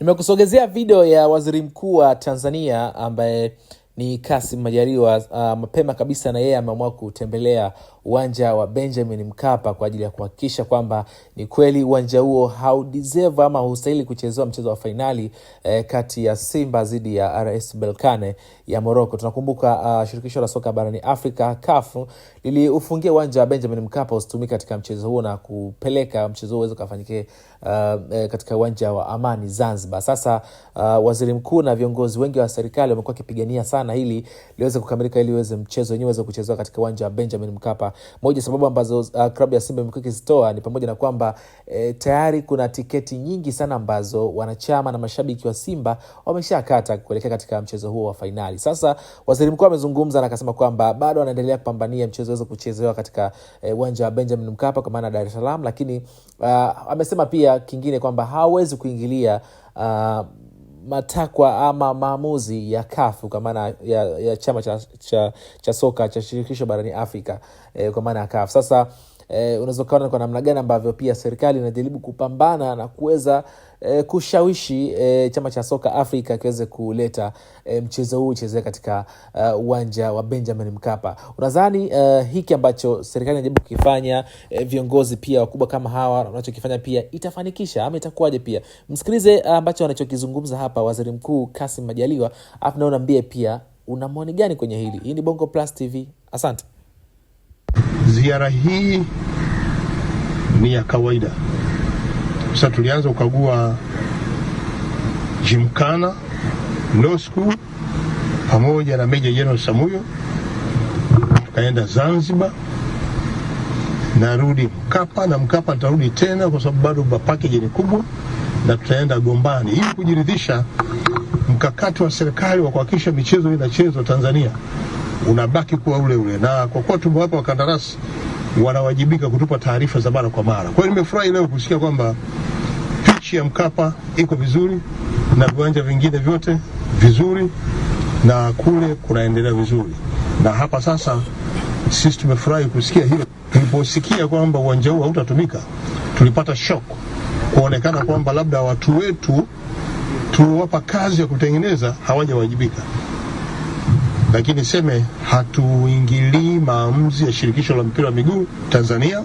Nimekusogezea video ya Waziri Mkuu wa Tanzania ambaye ni Kasim Majaliwa. Uh, mapema kabisa na yeye ameamua kutembelea uwanja wa Benjamin Mkapa kwa ajili ya kuhakikisha kwamba ni kweli uwanja huo haudeserve ama haustahili kuchezewa mchezo wa fainali eh, kati ya Simba dhidi ya RS belkane ya moroko Tunakumbuka uh, shirikisho la soka barani Afrika CAF liliufungia uwanja wa Benjamin Mkapa usitumike katika mchezo huo na kupeleka mchezo huo uweze ukafanyike uh, eh, katika uwanja wa Amani Zanzibar. Sasa uh, waziri mkuu na viongozi wengi wa serikali wamekuwa wakipigania sana sana hili liweze kukamilika ili weze mchezo wenyewe uweze kuchezewa katika uwanja wa Benjamin Mkapa. Moja sababu ambazo uh, klabu ya Simba imekuwa ikizitoa ni pamoja na kwamba eh, tayari kuna tiketi nyingi sana ambazo wanachama na mashabiki wa Simba wameshakata kuelekea katika mchezo huo wa fainali. Sasa waziri mkuu amezungumza na akasema kwamba bado anaendelea kupambania mchezo uweze kuchezewa katika eh, uwanja eh, wa Benjamin Mkapa kwa maana Dar es Salaam, lakini uh, amesema pia kingine kwamba hawezi kuingilia uh, matakwa ama maamuzi ya kafu kwa maana ya, ya chama cha, cha, cha soka cha shirikisho barani Afrika eh, kwa maana ya kafu sasa eh, unaweza ukaona kwa namna gani ambavyo pia serikali inajaribu kupambana na kuweza eh, kushawishi eh, chama cha soka Afrika kiweze kuleta eh, mchezo huu uchezee katika eh, uwanja uh, wa Benjamin Mkapa. Unadhani uh, hiki ambacho serikali inajaribu kukifanya, eh, viongozi pia wakubwa kama hawa wanachokifanya pia itafanikisha ama itakuwaje? Pia msikilize eh, ambacho wanachokizungumza hapa Waziri Mkuu kasim Majaliwa, afu naona mbie pia una maoni gani kwenye hili. Hii ni Bongo Plus TV, asante. Ziara hii ni ya kawaida. Sasa tulianza kukagua Jimkana Low School pamoja na Meja Jenerali Samuyo, tukaenda Zanzibar, narudi Mkapa na Mkapa nitarudi tena, kwa sababu bado package ni kubwa, na tutaenda Gombani ili kujiridhisha mkakati wa serikali wa kuhakikisha michezo inachezwa Tanzania unabaki kuwa ule ule, na kwa kuwa tumewapa wakandarasi, wanawajibika kutupa taarifa za mara kwa mara. Kwa hiyo nimefurahi leo kusikia kwamba pichi ya Mkapa iko vizuri na viwanja vingine vyote vizuri, na kule kunaendelea vizuri, na hapa sasa sisi tumefurahi kusikia hilo. Tuliposikia kwamba uwanja huu hautatumika tulipata shock kuonekana kwamba labda watu wetu tuwapa kazi ya kutengeneza hawajawajibika. Lakini niseme hatuingilii maamuzi ya shirikisho la mpira wa miguu Tanzania,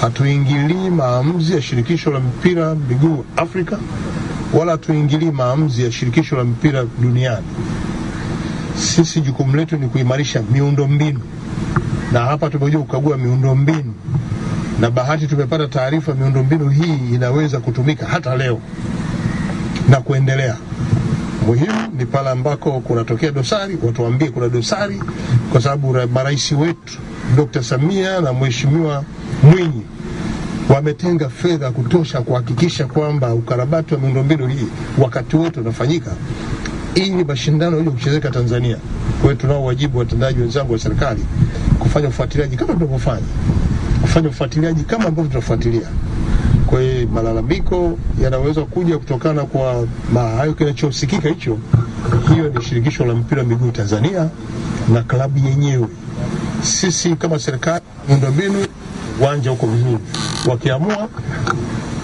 hatuingilii maamuzi ya shirikisho la mpira wa miguu Afrika, wala hatuingilii maamuzi ya shirikisho la mpira duniani. Sisi jukumu letu ni kuimarisha miundombinu, na hapa tumekuja kukagua miundombinu, na bahati tumepata taarifa miundombinu hii inaweza kutumika hata leo na kuendelea. Muhimu ni pale ambako kunatokea dosari, watuambie kuna dosari, kwa sababu marais wetu Dr. Samia na Mheshimiwa Mwinyi wametenga fedha kutosha kuhakikisha kwamba ukarabati wa miundombinu hii wakati wote unafanyika ili mashindano yaje kuchezeka Tanzania. Kwa hiyo tunao wajibu watendaji wenzangu wa serikali kufanya ufuatiliaji kama tunavyofanya, kufanya ufuatiliaji kama ambavyo tunafuatilia kwa hiyo malalamiko yanaweza kuja kutokana kwa hayo, kinachosikika hicho, hiyo ni shirikisho la mpira wa miguu Tanzania na klabu yenyewe. Sisi kama serikali, miundombinu, uwanja uko vizuri, wakiamua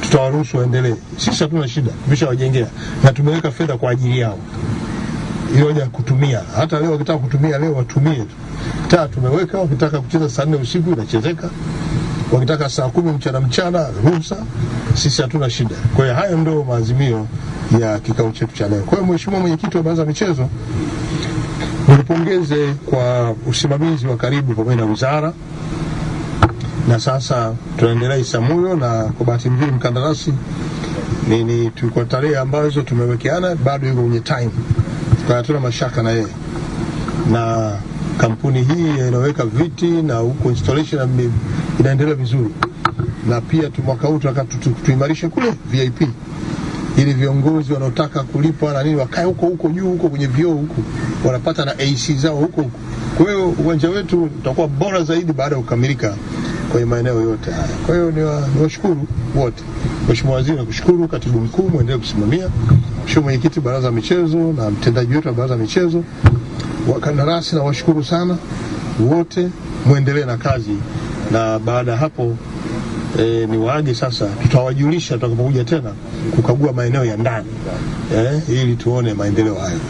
tutawaruhusu waendelee. Sisi hatuna shida, tumeshawajengea na tumeweka fedha kwa ajili yao ya kutumia. Hata leo wakitaka kutumia leo watumie tu, taa tumeweka, wakitaka kucheza saa nne usiku inachezeka wakitaka saa kumi mchana mchana ruhusa, sisi hatuna shida. Kwa hiyo hayo ndio maazimio ya kikao chetu cha leo. Kwa hiyo Mheshimiwa Mwenyekiti wa Baraza la Michezo, nilipongeze kwa usimamizi wa karibu pamoja na wizara, na sasa tunaendelea Isamuyo, na kwa bahati nzuri mkandarasi nini, tuko tarehe ambazo tumewekeana bado yuko kwenye time, kwa hiyo hatuna mashaka na yeye na kampuni hii inaweka viti na huko installation inaendelea vizuri, na pia mwaka huu tunataka tuimarishe kule VIP ili viongozi wanaotaka kulipwa na nini wakae huko huko juu huko kwenye vioo huko, wanapata na AC zao huko huko. Kwa hiyo uwanja wetu utakuwa bora zaidi baada ya kukamilika kwenye maeneo yote haya. Kwa hiyo ni washukuru wote, Mheshimiwa Waziri nakushukuru, Katibu Mkuu mwendelee kusimamia, Mheshimiwa Mwenyekiti Baraza la Michezo na mtendaji wetu wa Baraza la Michezo, wakandarasi na washukuru sana wote, mwendelee na kazi na baada ya hapo E, ni waage sasa, tutawajulisha tutakapokuja tena kukagua maeneo ya ndani e, ili tuone maendeleo hayo.